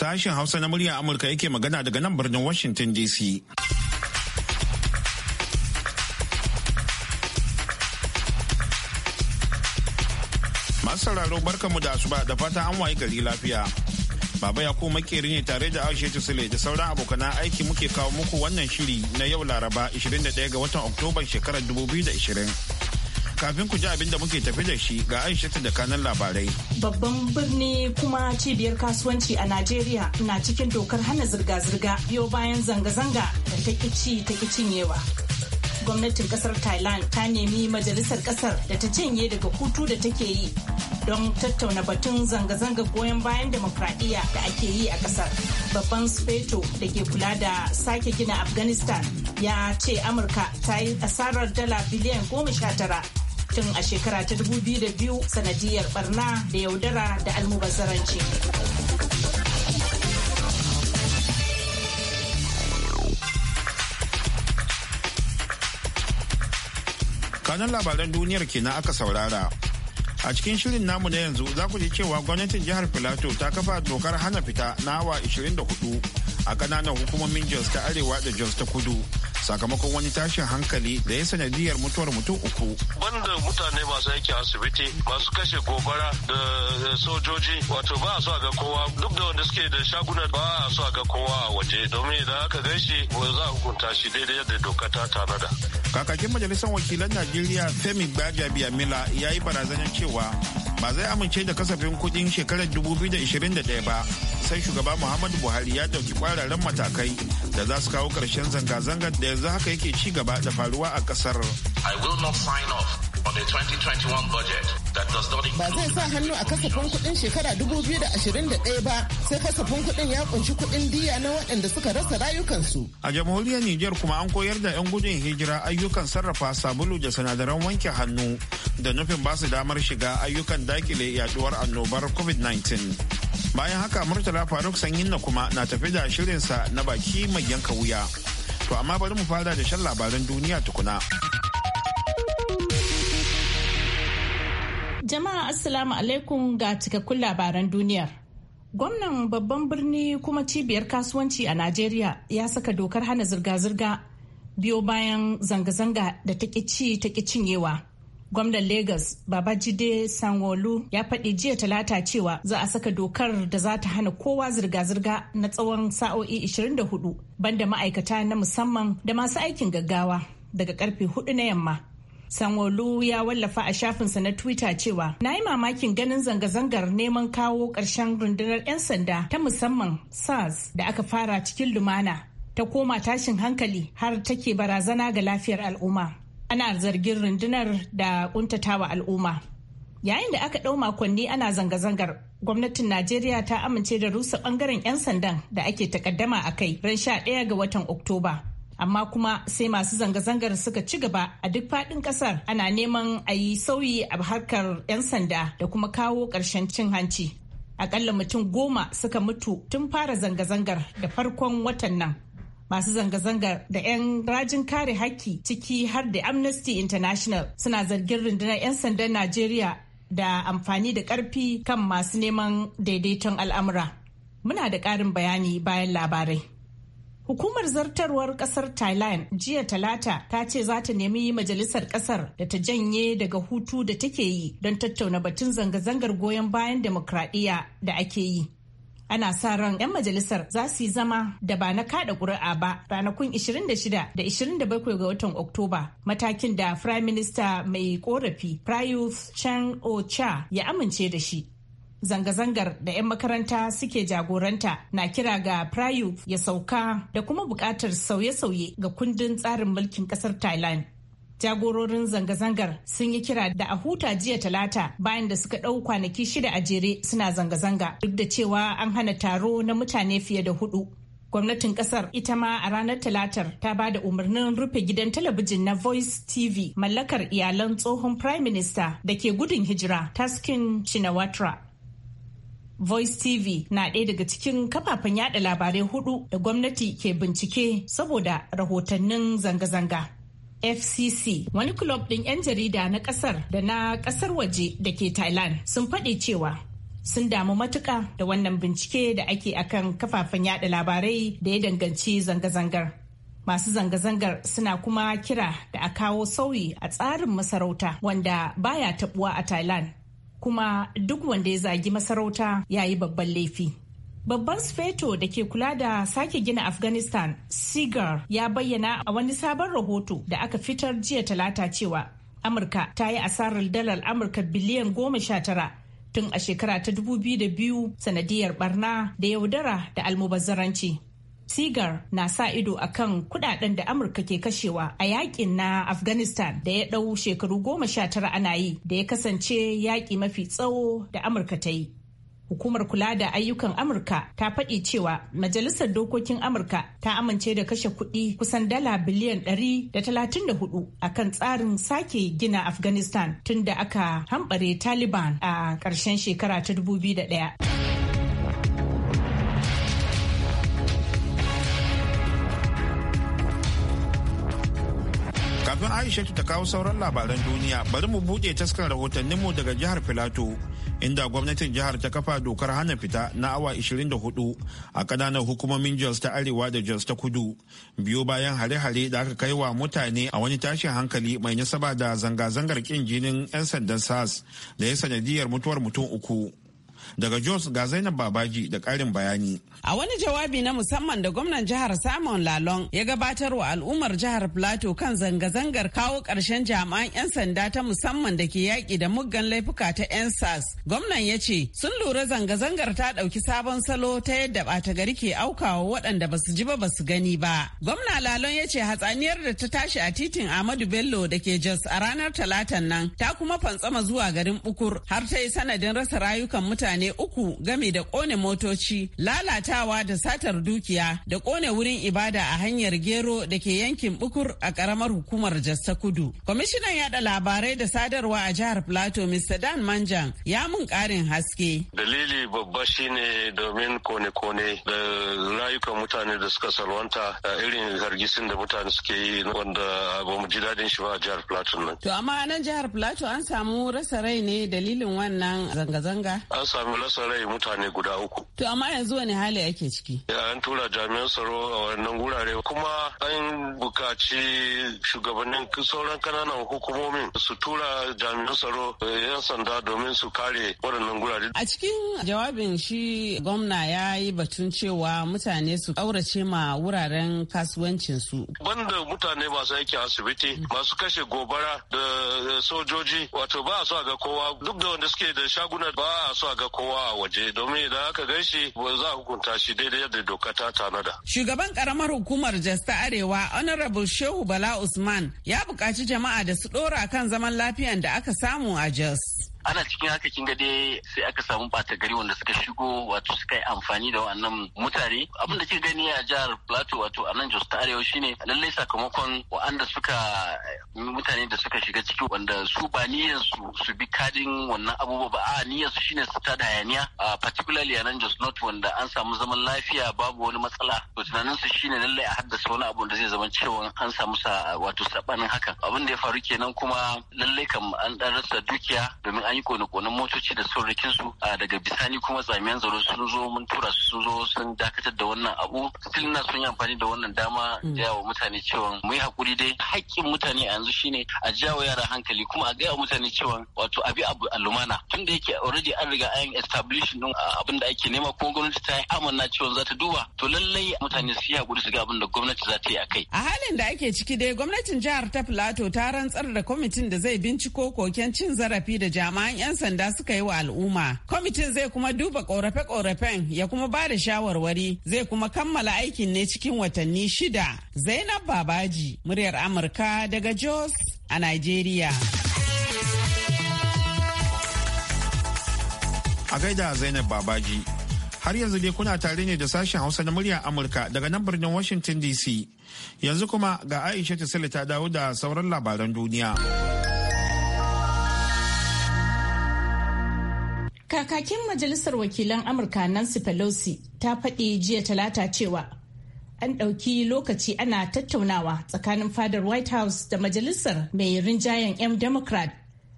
Sashen Hausa na murya Amurka yake magana daga nan birnin Washington DC. sauraro barkanmu da asuba da fata an waye gari lafiya. Baba ya makeri ne tare da Aisha sule da sauran abokanan aiki muke kawo muku wannan shiri na yau Laraba 21 ga watan oktoba shekarar 2020. kafin ku ji abin da muke tafi da shi ga aisha da kanan labarai. Babban birni kuma cibiyar kasuwanci a Najeriya na cikin dokar hana zirga-zirga biyo bayan zanga-zanga da ta kici ta cinyewa. Gwamnatin kasar Thailand ta nemi majalisar kasar da ta cinye daga hutu da take yi don tattauna batun zanga-zanga goyon bayan demokradiyya da ake yi a kasar. Babban Sufeto da ke kula da sake gina Afghanistan ya ce Amurka ta yi asarar dala biliyan goma sha tara tun a shekara ta dubu biyu sanadiyar barna da yaudara da almubazzaranci. kanan labaran duniyar kenan aka saurara a cikin shirin namu na yanzu za ku ji cewa gwamnatin jihar filato ta kafa dokar hana fita na awa 24 a kananan hukumomin jos ta arewa da jos ta kudu sakamakon wani tashin hankali da ya sanadiyar mutuwar mutum uku. Banda mutane masu aiki asibiti masu kashe gobara da sojoji wato ba a so a ga kowa duk da wanda suke da shaguna ba a so a ga kowa a waje domin idan aka gan shi za a hukunta shi daidai yadda doka ta tanada. Kakakin majalisar wakilan Najeriya Femi Gbajabiamila ya yi barazanar cewa ba zai amince da kasafin kudin shekarar 2021 ba sai shugaba muhammadu buhari ya dauki kwararren matakai da za su kawo karshen zanga-zangar da yanzu haka yake ci gaba da faruwa a kasar. I will not sign off Ba zai sa hannu a kasafin kuɗin shekara 2021 ba sai kasafin kuɗin ya kunshi kuɗin diya na waɗanda suka rasa rayukansu. A jamhuriyar Nijar kuma an koyar da 'yan gudun hijira ayyukan sarrafa sabulu da sinadaran wanke hannu da nufin basu damar shiga ayyukan dakile yaduwar annobar COVID-19. bayan haka murtala faruk sanyin na kuma na tafi da shirinsa na baki mai yanka wuya to amma bari mu fara da shan labaran duniya tukuna Jama'a Assalamu alaikum ga cikakkun labaran duniyar. Gwamnan babban birni kuma cibiyar kasuwanci a Najeriya ya saka dokar hana zirga-zirga biyo bayan zanga-zanga da ta ci ta cinyewa. Gwamnan Legas Babajide Sanwo-Olu ya faɗi jiya talata cewa za a saka dokar da za ta hana kowa zirga-zirga na tsawon sa'o'i 24 banda ma'aikata na musamman da masu aikin gaggawa daga karfe 4 na yamma. Sanwo-Olu ya wallafa a shafinsa na Twitter cewa, "Na yi mamakin ganin zanga-zangar neman kawo ƙarshen rundunar 'yan sanda ta musamman SARS da aka fara cikin lumana ta koma tashin hankali har take barazana ga lafiyar al'umma. Ana zargin rundunar da ƙuntatawa al'umma. Yayin da aka ɗau makonni ana zanga-zangar, gwamnatin Najeriya ta amince da rusa ɓangaren 'yan sandan da ake takaddama a kai ran 11 ga watan Oktoba. amma kuma sai masu zanga-zangar suka ci gaba a duk faɗin ƙasar ana neman a yi sauyi a harkar 'yan sanda da kuma kawo ƙarshen cin hanci aƙalla mutum goma suka mutu tun fara zanga-zangar da farkon watan nan masu zanga-zangar da 'yan rajin kare haƙƙi ciki har da amnesty international suna zargin rundunar 'yan sandan najeriya da amfani da ƙarfi kan masu neman daidaiton al'amura muna da ƙarin bayani bayan labarai Hukumar zartarwar kasar Thailand jiya talata ta ce za ta nemi majalisar kasar da ta janye daga hutu da take yi don tattauna batun zanga-zangar goyon bayan demokradiyya da ake yi. Ana sa ran 'yan majalisar za su yi zama da ba na kada ƙuri'a ba ranakun 26 da 27 ga watan Oktoba matakin da Prime Minister mai korafi Prayuth Chan Ocha ya amince da shi. zanga-zangar da 'yan makaranta suke jagoranta na kira ga prayu ya sauka da kuma buƙatar sauye-sauye ga kundin tsarin mulkin ƙasar thailand jagororin zanga-zangar sun yi kira da a huta jiya talata bayan da suka ɗau kwanaki shida a jere suna zanga-zanga duk da cewa an hana taro na mutane fiye da hudu gwamnatin kasar ita ma a ranar talatar ta ba da umarnin rufe gidan talabijin na voice tv mallakar iyalan tsohon prime minister da ke gudun hijira taskin shinawatra Voice TV na ɗaya daga cikin kafafen yada labarai hudu da gwamnati ke bincike saboda rahotannin zanga-zanga. FCC wani kulob ɗin 'yan jarida na ƙasar da na ƙasar waje da ke Thailand sun faɗi cewa sun damu matuka da wannan bincike da ake akan kafafen yada labarai da ya danganci zanga-zangar. Masu zanga-zangar suna kuma kira da a kawo sauyi a tsarin masarauta wanda baya taɓuwa a Thailand. kuma duk wanda ya zagi masarauta ya yi babban laifi. Babban Sufeto da ke kula da sake gina Afghanistan, Sigar, ya bayyana a wani sabon rahoto da aka fitar jiya talata cewa Amurka ta yi asarar dalar Amurka biliyan goma sha tara tun a shekara ta dubu biyu da biyu sanadiyar barna da yaudara da almubazzaranci. sigar na sa ido a kan kudaden da Amurka ke kashewa a yakin na Afghanistan da ya ɗau shekaru goma sha tara ana yi da ya kasance yaƙi mafi tsawo da Amurka ta yi. Hukumar kula da ayyukan Amurka ta faɗi cewa Majalisar Dokokin Amurka ta amince da kashe kuɗi kusan dala biliyan 134 a kan tsarin sake gina Afghanistan tun da aka hambare Taliban a ƙarshen shekara ta 2001. Aishatu ta kawo sauran labaran duniya bari mu buɗe taskar mu daga jihar Filato inda gwamnatin jihar ta kafa dokar hana fita na awa 24 a kananan hukumomin Jos ta Arewa da Jos ta Kudu biyo bayan hare-hare da aka kai wa mutane a wani tashin hankali mai nasaba da zanga-zangar kin jinin 'yan sandan sas da ya sanadiyar mutuwar mutum uku. Daga Jos ga Zainab Babaji da karin bayani. A wani jawabi na musamman da gwamnan jihar Simon lalon ya gabatar wa al'ummar jihar Plateau kan zanga-zangar kawo ƙarshen jami'an 'yan sanda ta musamman da ke yaƙi da muggan laifuka ta 'yan SAS. Gwamnan ya ce sun lura zanga-zangar ta ɗauki sabon salo ta yadda ɓata gari ke aukawa waɗanda ba su ji ba ba su gani ba. Gwamna Lalon ya ce hatsaniyar da ta tashi a titin Ahmadu Bello da ke Jos a ranar Talatan nan ta kuma fantsama zuwa garin Bukur har ta yi sanadin rasa rayukan mutane mutane uku game da kone motoci, lalatawa da satar dukiya da kone wurin ibada a hanyar gero da ke yankin bukur a karamar hukumar Jasta Kudu. Kwamishinan yada labarai da sadarwa a jihar Plateau Mr. Dan Manjan ya mun karin haske. Dalili babba shine domin kone-kone da rayukan mutane da suka salwanta a irin hargitsin da mutane suke yi wanda ba mu ji dadin shi ba a jihar Plateau nan. To amma nan jihar Plateau an samu rasa rai ne dalilin wannan zanga-zanga? sami rasa rai mutane guda uku. To amma yanzu wani hali ake ciki? An tura jami'an tsaro a wannan gurare kuma an bukaci shugabannin sauran kananan hukumomin su tura jami'an tsaro eh, yan sanda domin su kare waɗannan gurare. A cikin jawabin shi gwamna ya yi batun cewa mutane su ƙaurace ma wuraren kasuwancinsu. Banda mutane masu aiki asibiti masu kashe gobara da sojoji wato ba a so a ga kowa duk da wanda suke da shaguna ba a so a ga kowa a waje domin idan aka gan shi ba za a hukunta shi daidai yadda doka ta tanada. Shugaban karamar hukumar Jos ta Arewa Honorable Shehu Bala Usman ya buƙaci jama'a da su ɗora kan zaman lafiyan da aka samu a Jos. ana cikin haka kin ga dai sai aka samu bata gari wanda suka shigo wato suka yi amfani da wannan mutane abin da kika gani a jihar plateau wato a nan jos ta arewa shine lallai sakamakon wa'anda suka mutane da suka shiga ciki wanda su ba niyyar su su bi kadin wannan abubuwa ba a niyyar su shine su ta da hayaniya a particularly a nan jos north wanda an samu zaman lafiya babu wani matsala to tunanin su shine lallai a haddasa wani abu da zai zama cewa an samu sa wato sabanin hakan abin da ya faru kenan kuma lallai kam an dan rasa dukiya domin an yi kone-konen motoci da saurikin su daga bisani kuma tsamiyan zaro sun zo mun tura su sun zo sun dakatar da wannan abu still na sun yi amfani da wannan dama da mm. wa mutane cewa mu yi hakuri dai haƙƙin mutane a yanzu shine a jawo yara hankali kuma a gaya mutane cewa wato abi abu a lumana tun da yake already an riga an establish din abin da ake nema kuma gwamnati ta yi amanna cewa za ta duba to lallai mutane su yi hakuri su ga abin da gwamnati za ta yi a kai a halin da ake ciki dai gwamnatin jihar ta plateau ta rantsar da kwamitin da zai binciko koken cin zarafi da jama'a jami'an 'yan sanda suka yi wa al'umma. Kwamitin zai kuma duba korafe-korafen ya kuma ba da shawarwari zai kuma kammala aikin ne cikin watanni shida. Zainab Babaji, muryar Amurka daga Jos a Nigeria. A gaida Zainab Babaji, har yanzu dai kuna tare ne da sashen Hausa na muryar Amurka daga nan birnin Washington DC. Yanzu kuma ga Aisha ta dawo da sauran labaran duniya. Kakakin Majalisar Wakilan Amurka Nancy Pelosi ta faɗi jiya talata cewa an ɗauki lokaci ana tattaunawa tsakanin fadar White House da Majalisar mai rinjayen 'yan Democrat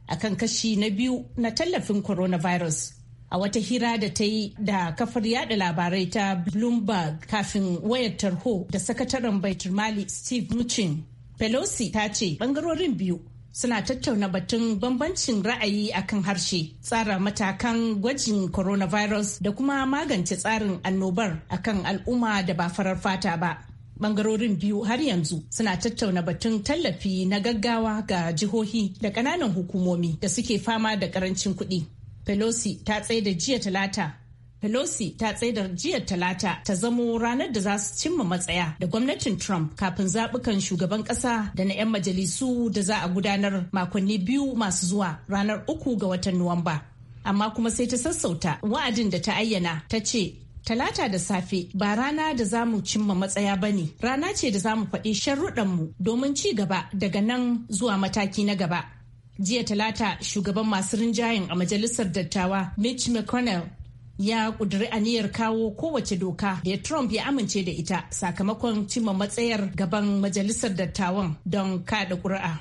a kan kashi na biyu na tallafin coronavirus. A wata hira da ta yi da kafar yada labarai ta Bloomberg kafin wayar tarho da sakataren Baitul Mali Steve Mnuchin Pelosi ta ce bangarorin biyu suna tattauna batun bambancin ra'ayi akan harshe tsara matakan gwajin coronavirus da kuma magance tsarin annobar akan al'umma da ba farar fata ba bangarorin biyu har yanzu suna tattauna batun tallafi na gaggawa ga jihohi da kananan hukumomi da suke fama da karancin kuɗi pelosi ta tsaye da jiya talata Pelosi ta tsaidar jiya talata ta zamo ranar da za su cimma matsaya da gwamnatin Trump kafin zaɓukan shugaban ƙasa da na 'yan majalisu da za a gudanar makonni biyu masu zuwa ranar uku ga watan Nuwamba. Amma kuma sai ta sassauta wa'adin da ta ayyana ta ce Talata da safe ba rana da za mu cimma matsaya ba ne, rana ce da za mu faɗi sharruɗanmu domin ci gaba daga nan zuwa mataki na gaba. Jiya talata shugaban masu rinjayen a majalisar dattawa Mitch McConnell ya kuduri aniyar kawo kowace doka da Trump ya amince da ita sakamakon cimma matsayar gaban majalisar dattawan don kada ƙuri'a.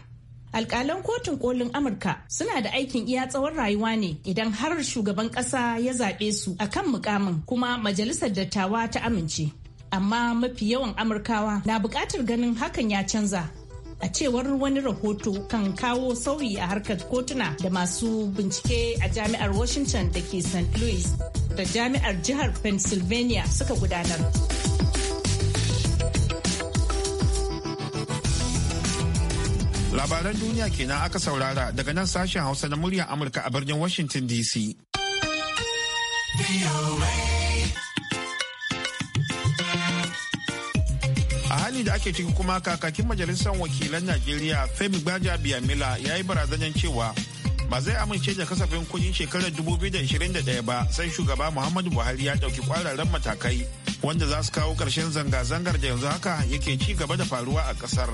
Alƙalan kotun kolin Amurka suna da aikin iya tsawon rayuwa ne idan har shugaban ƙasa ya zaɓe su a kan mukamin kuma majalisar dattawa ta amince. Amma mafi yawan Amurkawa na buƙatar ganin hakan ya canza a cewar wani rahoto kan kawo sauyi a harkar kotuna da masu bincike a jami'ar washington da ke st louis da jami'ar jihar pennsylvania suka gudanar labaran duniya kenan aka saurara daga nan sashen hausa na muryar amurka a birnin washington dc hali da ake ciki kuma kakakin majalisar wakilan najeriya femi gbaja biyamila ya yi barazanar cewa ba zai amince da kasafin kudin shekarar 2021 ba sai shugaba muhammadu buhari ya dauki kwararren matakai wanda za su kawo karshen zanga-zangar da yanzu haka yake ci gaba da faruwa a kasar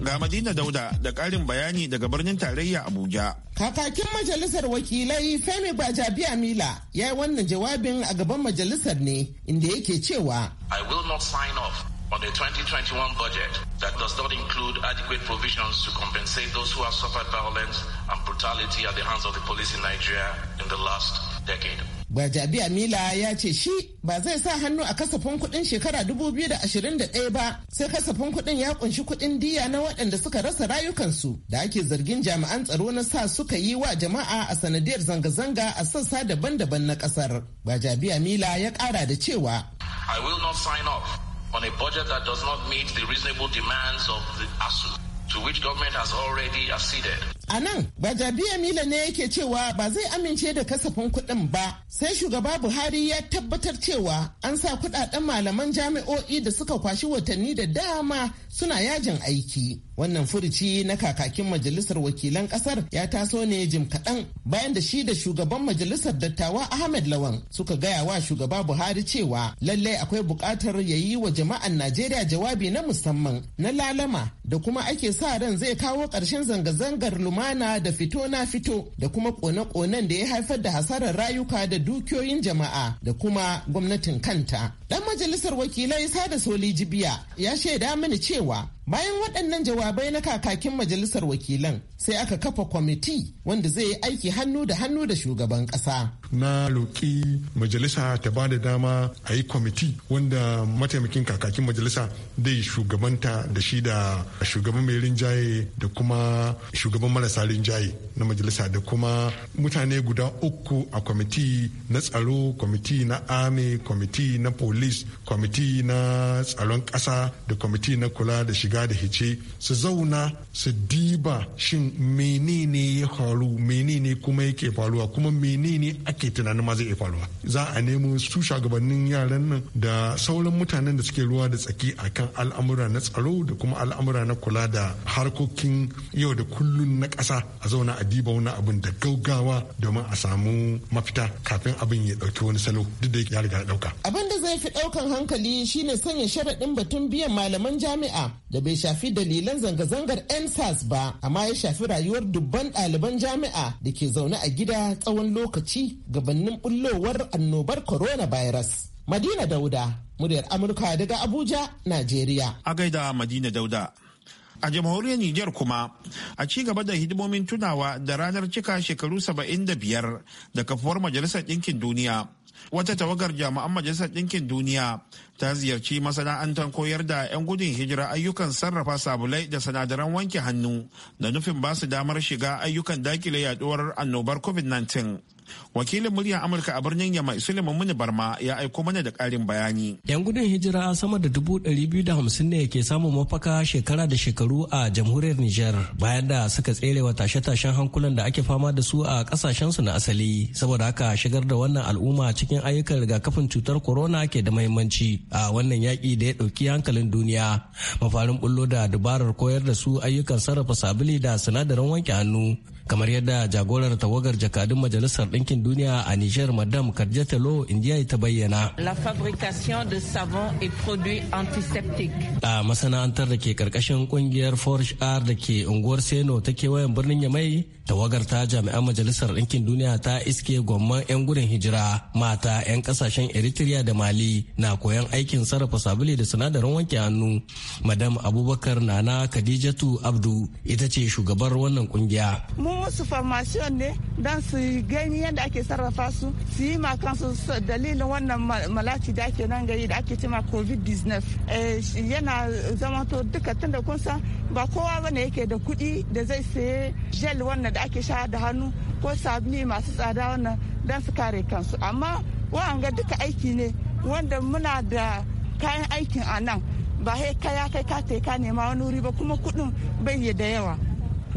ga madina dauda da karin bayani daga birnin tarayya abuja kakakin majalisar wakilai femi biya mila ya yi wannan jawabin a gaban majalisar ne inda yake cewa i will not sign off on the 2021 budget that does not include adequate provisions to compensate those who have suffered violence and brutality at the hands of the police in Nigeria in the last decade. Gwajabi Amila ya ce shi ba zai sa hannu a kasafin kuɗin shekara 2021 ba sai kasafin kuɗin ya kunshi kuɗin diya na waɗanda suka rasa rayukansu da ake zargin jami'an tsaro na sa suka yi wa jama'a a sanadiyar zanga-zanga a sassa daban-daban na ƙasar. Gwajabi Amila ya ƙara da cewa. I will not sign off on a budget that does not meet the reasonable demands of the ASU. to which government has already acceded. A nan, ba jabiya Mila ne yake cewa ba zai amince da kasafin kuɗin ba, sai shugaba Buhari ya tabbatar cewa an sa kuɗaɗen malaman jami'o'i da suka kwashi watanni da dama suna yajin aiki. Wannan furuci na kakakin majalisar wakilan ƙasar ya taso ne jim kaɗan bayan da shi da shugaban majalisar dattawa Ahmed Lawan suka gaya wa shugaba Buhari cewa lallai akwai buƙatar ya yi wa jama'an Najeriya jawabi na musamman na lalama da kuma ake sa ran zai kawo ƙarshen zanga-zangar lumana da fito na fito da kuma kone-konen da ya haifar da hasarar rayuka da dukiyoyin jama'a da kuma gwamnatin kanta. Dan majalisar wakilai Sada Soli Jibiya ya shaida mini cewa bayan waɗannan jawabai na kakakin majalisar wakilan sai aka kafa kwamiti wanda zai yi aiki hannu da hannu da shugaban ƙasa. na loki majalisa ta ba da dama a yi kwamiti wanda mataimakin kakakin majalisa zai shugabanta da shi da A shugaban mai rinjaye da kuma shugaban marasa rinjaye na majalisa da kuma mutane guda uku a kwamiti na tsaro kwamiti na army kwamiti na police kwamiti na tsaron ƙasa da kwamiti na kula da shiga da hice su zauna su diba shin menene ya faru menene kuma yake faruwa kuma menene ake tunanin ma zai faruwa za a nemo su shugabannin yaran nan da sauran mutanen da suke ruwa da tsaki akan al'amura na tsaro da kuma al'amura na kula da harkokin yau da kullun na ƙasa a zauna a diba wani abin da gaugawa domin a samu mafita kafin abin ya ɗauki wani salo duk da ya riga ɗauka. Abin da zai fi ɗaukan hankali shine sanya sharaɗin batun biyan malaman jami'a da bai shafi dalilan zanga-zangar NSAS ba amma ya shafi rayuwar dubban ɗaliban jami'a da ke zaune a gida tsawon lokaci gabanin bullowar annobar coronavirus. Madina Dauda, muryar Amurka daga Abuja, Najeriya. A gaida Madina Dauda. a jamhuriyar Nijar kuma a ci gaba da hidimomin tunawa da ranar cika shekaru 75 da kafuwar Majalisar Ɗinkin Duniya. Wata tawagar jami'an Majalisar Ɗinkin Duniya ta ziyarci masana'antar koyar da 'yan gudun hijira ayyukan sarrafa sabulai da sinadaran wanke hannu da nufin ba su damar shiga ayyukan dakile yaduwar annobar COVID-19. wakilin muryar amurka a birnin yamma suleiman muni barma ya aiko mana da karin bayani yan gudun hijira sama da dubu ɗari biyu da hamsin ne ke samun mafaka shekara da shekaru a jamhuriyar niger bayan da suka tsere wa tashe-tashen hankulan da ake fama da su a kasashen su na asali saboda haka shigar da wannan al'umma cikin ayyukan rigakafin cutar corona ke da mahimmanci a wannan yaki da ya ɗauki hankalin duniya mafarin bullo da dubarar koyar da su ayyukan sarrafa sabili da sinadarin wanke hannu kamar yadda jagorar tawagar jakadun majalisar ɗinkin duniya a Nijar Madam Karjatalo Indiya ta bayyana. La fabrication de savon et produits antiseptiques. A masana'antar da ke karkashin kungiyar Forge R da ke unguwar Seno ta kewayen birnin Yamai, tawagar ta jami'an majalisar ɗinkin duniya ta iske gwamman 'yan gudun hijira mata 'yan kasashen Eritrea da Mali na koyon aikin sarrafa sabulu da sinadarin wanke hannu. Madam Abubakar Nana Khadijatu Abdu ita ce shugabar wannan kungiya. musu farmasiyon ne don su gani yadda ake sarrafa su su yi ma su dalilin wannan malaci da ake nan gari da ake cima covid-19 eh, yana zama to duka tun da kunsa ba kowa bane yake da kuɗi da zai saye gel wannan da ake sha da hannu ko sabuni masu tsada wannan don su kare kansu amma wa'anga duka aiki ne wanda muna da kayan aikin a nan ba kai ya kai ka ka nema wani wuri ba kuma kuɗin bai da yawa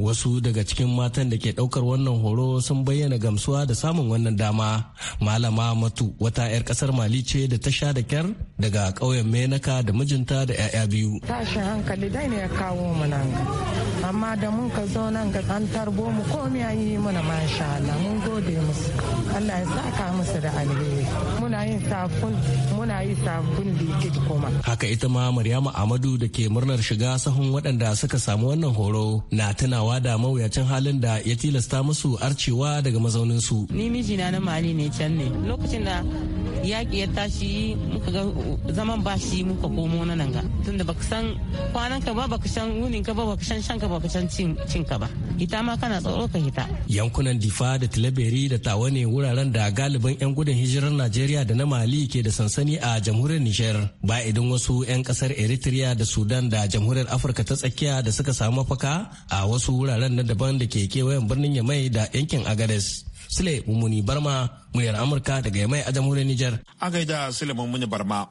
wasu daga cikin matan da ke ɗaukar wannan horo sun bayyana gamsuwa da samun wannan dama malama matu wata 'yar kasar mali ce da ta sha da kyar daga ƙauyen menaka da mijinta da 'ya'ya biyu tashin hankali dai ne ya kawo mu nan amma da mun ka zo nan ga an tarbo mu komai an yi mana masha Allah mun gode musu Allah ya saka musu da alheri muna yin safun muna yi safun likit kuma haka ita ma Maryama Amadu da ke murnar shiga sahun waɗanda suka samu wannan horo na tunawa da mawuyacin halin da ya tilasta musu arcewa daga mazaunin su ni mijina na mali ne can ne lokacin da yaƙi ya tashi muka ga zaman ba shi muka komo na nan ga tunda baka san kwanan ka ba baka san wunin ka ba baka san shan ka baka san cin ka ba ita ma kana tsoro ka hita yankunan difa da tilaberi da tawa ne wuraren da galibin yan gudun hijirar najeriya da na mali ke da sansani a jamhuriyar nijar ba idan wasu yan kasar eritrea da sudan da jamhuriyar afirka ta tsakiya da suka samu mafaka a wasu wuraren na daban da ke kewayen birnin yamai da yankin agades Sule Mummuni Barma muryar Amurka daga Yamai a jamhuriyar Nijar. A gaida Sule mumuni Barma.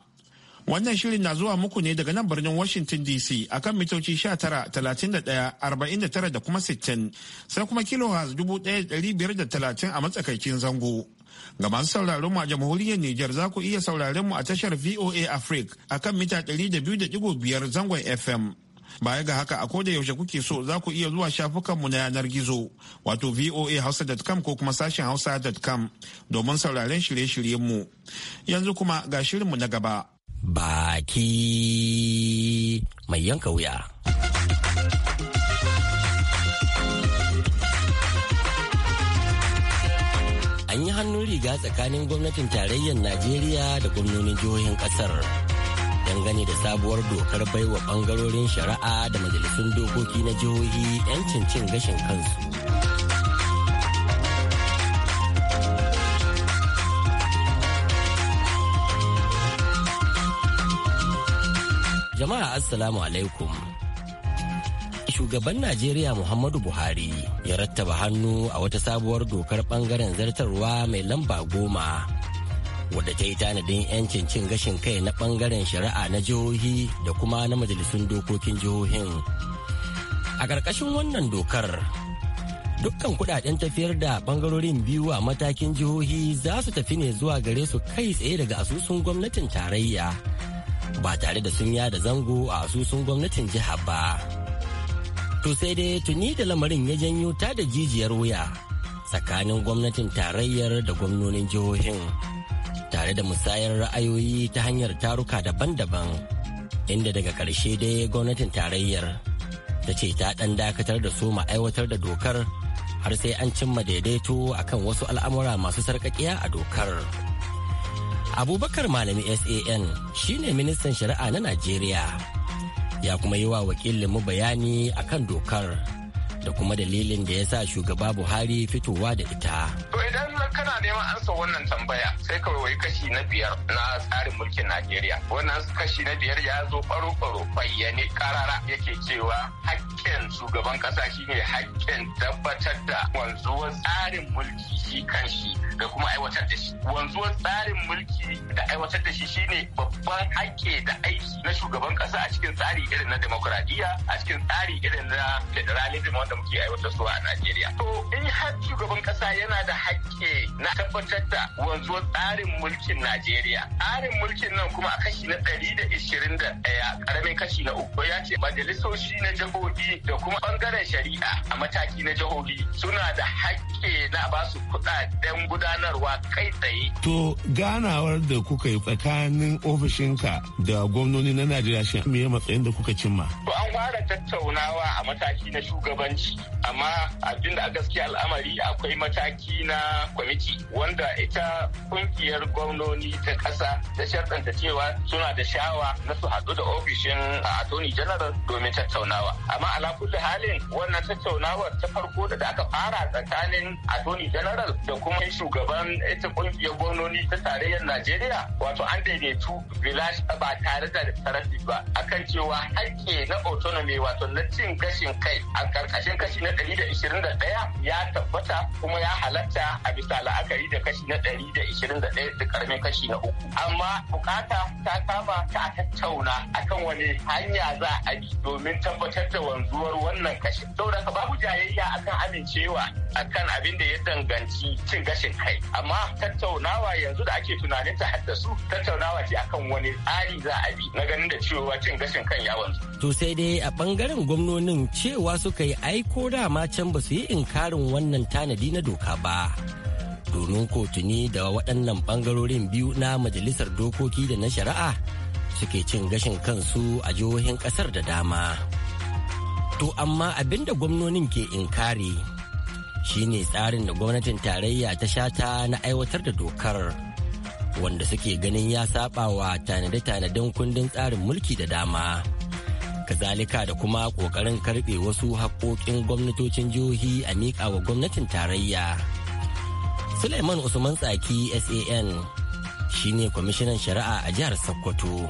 Wannan shirin na zuwa muku ne daga nan birnin Washington DC akan mitoci 19,31,49 da kuma 60 sai kuma kilo da 1,530 a matsakaicin zango. Ga masu sauraron mu a jamhuriyar Nijar za ku iya sauraron mu a tashar VOA Africa akan mita 200.5 zangon FM. Baya ga haka a koda yaushe kuke so za ku iya zuwa shafukanmu na yanar gizo wato voahausa.com ko kuma sashen hausa.com domin sauraren shirye-shiryenmu. Yanzu kuma ga shirinmu na gaba. Baki mai yanka wuya. An yi hannun riga tsakanin gwamnatin tarayyar Najeriya da gwamnonin jihohin kasar. dangane da sabuwar dokar baiwa bangarorin shari'a da majalisun dokoki na jihohi 'yancin cin gashin kansu. Jama'a Assalamu alaikum. Shugaban Najeriya Muhammadu Buhari ya rattaba hannu a wata sabuwar dokar bangaren zartarwa mai lamba goma. wadda ta yi tanadin 'yancin cin gashin kai na bangaren shari'a na jihohi da kuma na majalisun dokokin jihohin a ƙarƙashin wannan dokar dukkan kudaden tafiyar da bangarorin biyu a matakin jihohi za su tafi ne zuwa gare su kai tsaye daga asusun gwamnatin tarayya ba tare da sun yada zango a asusun gwamnatin jiha ba to sai dai tuni da lamarin ya janyo ta da jijiyar wuya tsakanin gwamnatin tarayyar da gwamnonin jihohin. tare da musayar ra'ayoyi ta hanyar taruka daban-daban inda daga ƙarshe dai gwamnatin tarayyar ta ce ta ɗan dakatar da su ma aiwatar da dokar har sai an cimma daidaito akan wasu al'amura masu sarƙaƙiya a dokar. abubakar malami san shine ministan shari'a na najeriya ya kuma yi wa wakilinmu bayani akan dokar da kuma dalilin da ya sa shugaba buhari fitowa da ita ma neman ansa wannan tambaya sai ka wai kashi na biyar na tsarin mulkin Najeriya. Wannan kashi na biyar ya zo baro-baro bayyane karara yake cewa hakken shugaban kasa shine hakken tabbatar da wanzuwar tsarin mulki shi kan shi da kuma aiwatar da shi. Wanzuwar tsarin mulki da aiwatar da shi shine babban hakke da aiki na shugaban kasa a cikin tsari irin na demokuraɗiyya a cikin tsari irin na federalism wanda muke aiwatar su a Najeriya. To in har shugaban kasa yana da hakke na tabbatar da wanzuwar tsarin mulkin Najeriya. Tsarin mulkin nan kuma a kashi na ɗari da ishirin da ɗaya ƙaramin kashi na uku ya ce Majalisoshi na jihohi da kuma ɓangaren shari'a a mataki na jihohi suna da haƙƙi na ba su kuɗaɗen gudanarwa kai tsaye. To ganawar da kuka yi tsakanin ofishinka da gwamnoni na Najeriya shi me matsayin da kuka cimma? To an fara tattaunawa a mataki na shugabanci amma abinda a gaskiya al'amari akwai mataki na kwamiti wanda ita kungiyar gwamnoni ta ƙasa ta sharɗanta cewa suna da sha'awa na su haɗu da ofishin a attorney general domin tattaunawa amma ala kulli halin wannan tattaunawar ta farko da aka fara tsakanin attorney general da kuma shugaban ita kungiyar gwamnoni ta tarayyar najeriya wato an daidaitu bilash ba tare da tarafi ba akan cewa haƙƙi na autonomy wato na cin gashin kai a ƙarƙashin kashi na 121 ya tabbata kuma ya halatta a bisa yi da kashi na ɗari da ishirin da ɗaya da ƙaramin kashi na uku amma bukata ta kama ta tattauna akan wani hanya za a bi domin tabbatar da wanzuwar wannan kashi saboda daga babu jayayya akan amincewa akan abin da ya danganci cin gashin kai amma tattaunawa yanzu da ake tunanin ta haddasu tattaunawa ce akan wani tsari za a bi na ganin da cewa cin gashin kan ya wanzu. to sai dai a bangaren gwamnonin cewa suka yi aiko dama can ba su yi inkarin wannan tanadi na doka ba domin kotuni da waɗannan ɓangarorin biyu na majalisar dokoki da na shari'a suke cin gashin kansu a jihohin ƙasar da dama to amma abin da gwamnonin ke inkari ne tsarin da gwamnatin tarayya ta shata na aiwatar da dokar wanda suke ganin ya saba wa tanade-tanaden kundin tsarin mulki da dama kazalika da kuma ƙoƙarin karɓe wasu haƙoƙin gwamnatocin jihohi a miƙa wa gwamnatin tarayya. Suleiman Usman Tsaki SAN shine kwamishinan shari'a a jihar Sokoto.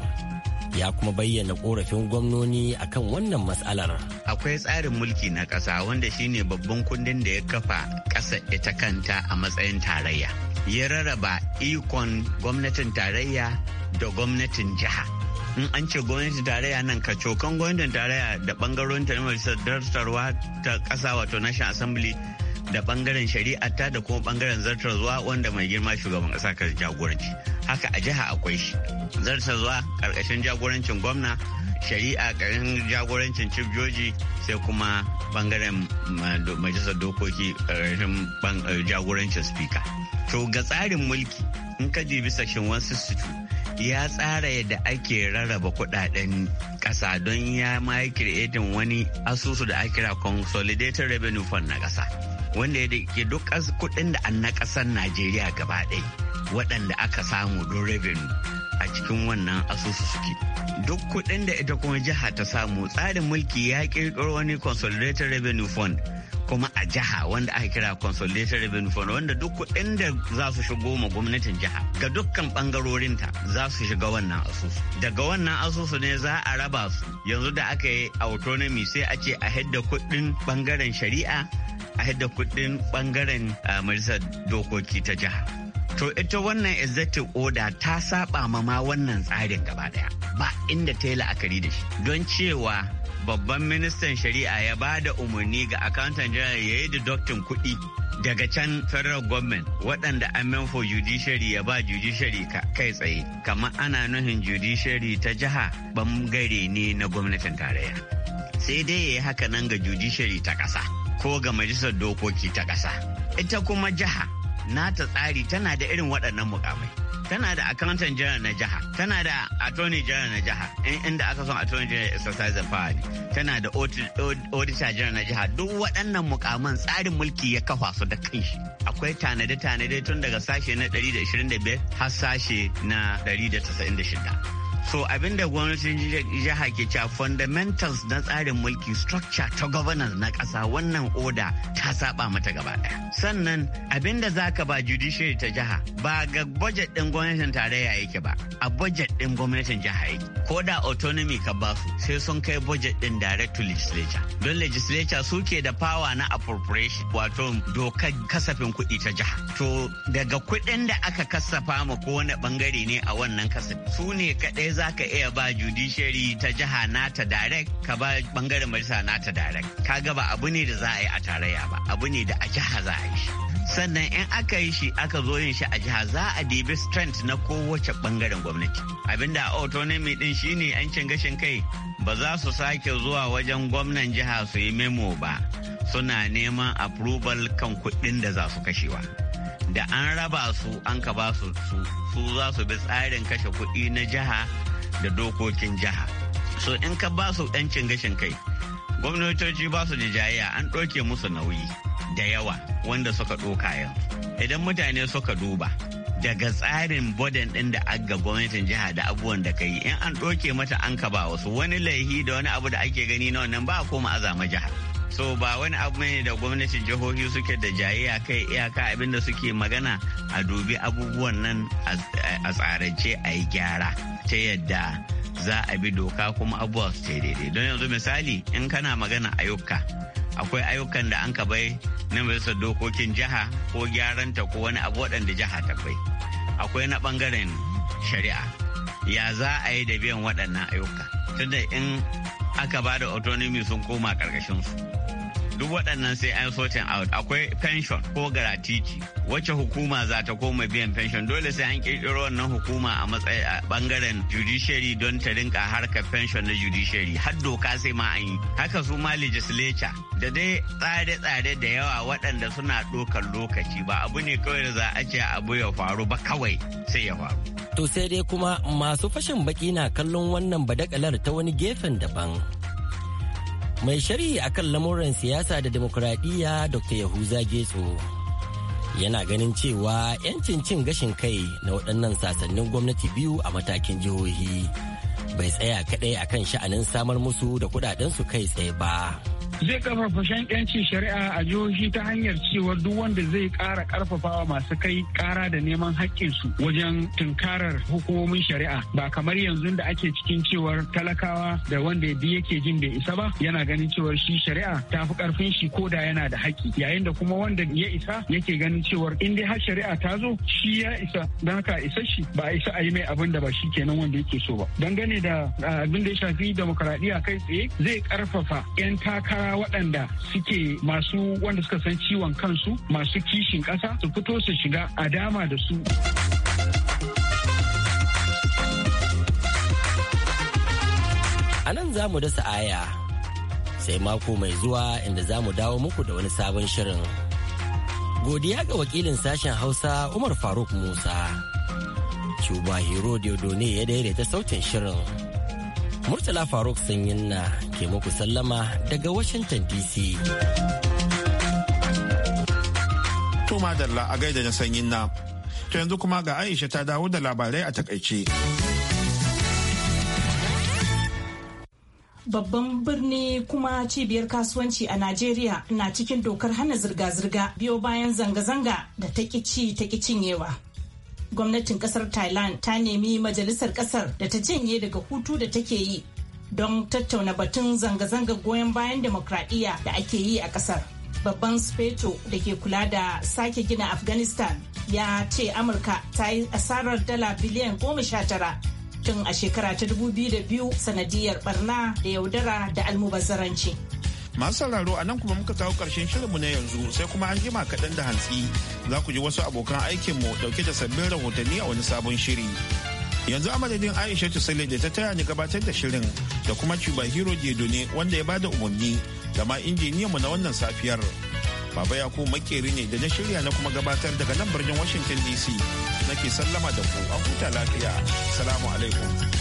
ya kuma bayyana korafin gwamnoni akan wannan matsalar. Akwai tsarin mulki na ƙasa wanda shi ne babban kundin da ya kafa ƙasa ita kanta a matsayin tarayya. Ya rarraba ikon gwamnatin tarayya da gwamnatin jiha. In an ce gwamnatin tarayya nan ka cokan gwamnatin tarayya da ɓangarorin ta ta ƙasa wato National Assembly da bangaren shari'ata da kuma bangaren zartar zuwa wanda mai girma shugaban kasa ka jagoranci haka a jiha akwai shi zartar zuwa karkashin jagorancin gwamna shari'a karin jagorancin chief joji sai kuma bangaren majalisar dokoki karkashin eh, jagorancin speaker to ga tsarin mulki in ka jibi section 162 ya tsara yadda ake rarraba kudaden kasa don ya ma kiretin wani asusu da ake kira consolidated revenue fund na kasa wanda ya duk kudin da an na kasar najeriya gaba ɗaya waɗanda aka samu don revenue a cikin wannan asusu suke duk kuɗin da ita kuma jiha ta samu tsarin mulki ya ƙirƙiro wani consolidated revenue fund kuma a jiha wanda aka kira consolidated revenue fund wanda duk kuɗin da za su shigo ma gwamnatin jiha ga dukkan bangarorinta za su shiga wannan asusu daga wannan asusu ne za a raba su yanzu da aka yi autonomy sai a ce a hidda kuɗin ɓangaren shari'a a hidda kuɗin ɓangaren eh, majalisar dokoki ta jiha To ita wannan executive order ta saba ma ma wannan tsarin gaba daya ba inda ta yi la'akari da shi don cewa babban ministan shari'a ya ba da umarni ga accountant general ya yi deducting kuɗi daga can federal government waɗanda amen for judiciary ya ba judiciary kai tsaye kamar ana nuhin judiciary ta jiha bangare ne na gwamnatin tarayya sai dai ya yi haka nan ga judiciary ta ƙasa ko ga majalisar dokoki ta ƙasa ita kuma jiha nata tsari tana da irin waɗannan mukamai tana da accountant general na jiha tana da attorney general na jiha inda aka son attorney general exercise the power tana da auditor general na jiha duk waɗannan mukaman tsarin mulki ya kafa su da kanshi akwai tanade-tanade tun daga sashe na 125 har sashe na 196 So abinda gwamnatin jiha ke cewa fundamentals na tsarin mulki structure ta governance na kasa. wannan oda ta saba mata gaba ɗaya. Sannan abinda za ka ba judiciary ta jiha ba ga budget ɗin gwamnatin tarayya yake ba a budget ɗin gwamnatin jiha yake. Ko da autonomy ka ba su sai sun kai budget ɗin direct to legislature. Don legislature suke da power na appropriation wato dokar kasafin kuɗi ta jiha. To daga kuɗin da aka kasafa ma ko wani ɓangare ne a wannan kasafi su ne kaɗai za ka iya ba judiciary ta jiha nata direct ka ba bangaren majalisa nata direct ka ga ba abu ne da za a yi a tarayya ba abu ne da a jiha za a yi shi sannan in aka yi shi aka zo yin shi a jiha za a dibi strength na kowace bangaren gwamnati abinda autonomy din shine yancin gashin kai ba za su sake zuwa wajen gwamnan jiha su yi memo ba suna neman approval kan kuɗin da za su kashewa da an raba su an ka ba su su za su bi tsarin kashe kuɗi na jiha da dokokin jiha so in ka ba su ɗancin gashin kai gwamnatoci ba su jijayya an ɗauke musu nauyi da yawa wanda suka ɗoka yau idan mutane suka duba daga tsarin bodin ɗin da aga gwamnatin jiha da abubuwan da ka yi in an ɗoke mata an ka ba wasu wani laihi da wani abu da ake gani na wannan ba a koma azama jiha so ba wani abu ne da gwamnatin jihohi suke da jayayya kai iyaka abinda suke magana a dubi abubuwan nan a tsarance a yi gyara ta yadda za a bi doka kuma abubuwa su daidai don yanzu misali in kana magana ayyuka akwai ayyukan da an ka bai na majalisar dokokin jiha ko gyaranta ko wani abu waɗanda jiha ta bai akwai na ɓangaren shari'a ya za a yi da biyan waɗannan ayyuka tunda in aka ba da autonomy sun koma ƙarƙashinsu duk waɗannan sai an sorting out akwai pension ko garatiti wacce hukuma za ta koma biyan pension dole sai an kirkiro wannan hukuma a matsayin a bangaren judiciary don ta rinka harkar pension na judiciary har doka sai ma an yi haka su ma legislature da dai tsare-tsare da yawa waɗanda suna ɗaukar lokaci ba abu ne kawai da za a ce abu ya faru ba kawai sai ya faru to sai dai kuma masu fashin baki na kallon wannan badakalar ta wani gefen daban mai sharhi akan lamuran siyasa da demokuraɗiyya dr yahuza getso yana ganin cewa 'yancin cin gashin kai na waɗannan sasannin gwamnati biyu a matakin jihohi bai tsaya kaɗai akan sha'anin samar musu da su kai tsaye ba. zai karfafa shan yancin shari'a a jihohi ta hanyar cewa duk wanda zai kara karfafawa masu kai kara da neman haƙƙinsu wajen tunkarar hukumomin shari'a ba kamar yanzu da ake cikin cewar talakawa da wanda yake jin bai isa ba yana ganin cewar shi shari'a ta fi karfin shi ko da yana da haƙƙi yayin da kuma wanda ya isa yake ganin cewar in dai har shari'a ta zo shi ya isa don haka isa shi ba a isa a yi mai abin da ba shi kenan wanda yake so ba dangane da ah, abin da ya shafi demokaradiyya kai tsaye zai karfafa 'yan takara waɗanda suke masu wanda suka san ciwon kansu masu kishin ƙasa su fito su shiga a dama da su. A nan za mu dasa aya sai mako mai zuwa inda za mu dawo muku da wani sabon shirin. Godiya ga wakilin sashen Hausa Umar Faruk Musa. Cuba Hero Diodone ya daidaita sautin shirin. Murtala Faruk Sanyin na ke muku sallama daga Washington DC. da la a gaida na sanyin na. To yanzu kuma ga Aisha ta dawo da labarai a takaice. babban birni kuma cibiyar kasuwanci a Najeriya na cikin dokar hana zirga-zirga biyo bayan zanga-zanga da ta ci ta cinyewa. gwamnatin kasar thailand ta nemi majalisar kasar da ta janye daga hutu da take yi don tattauna batun zanga-zanga goyon bayan demokradiyya da ake yi a kasar babban speto da ke kula da sake gina afghanistan ya ce amurka ta yi asarar dala biliyan goma sha tara tun a shekara ta 2002 sanadiyar barna da yaudara da almubazzaranci. Masu sauraro a nan kuma muka kawo karshen shirinmu na yanzu sai kuma an jima kaɗan da hantsi za ku ji wasu abokan aikinmu ɗauke da sabbin rahotanni a wani sabon shiri. Yanzu a madadin Aisha Tusale da ta taya ni gabatar da shirin da kuma Cuba Hero ne wanda ya bada umarni da ma injiniyanmu na wannan safiyar. Baba Yakubu makeri ne da na shirya na kuma gabatar daga nan birnin Washington DC nake sallama da ku a huta lafiya. Salamu alaikum.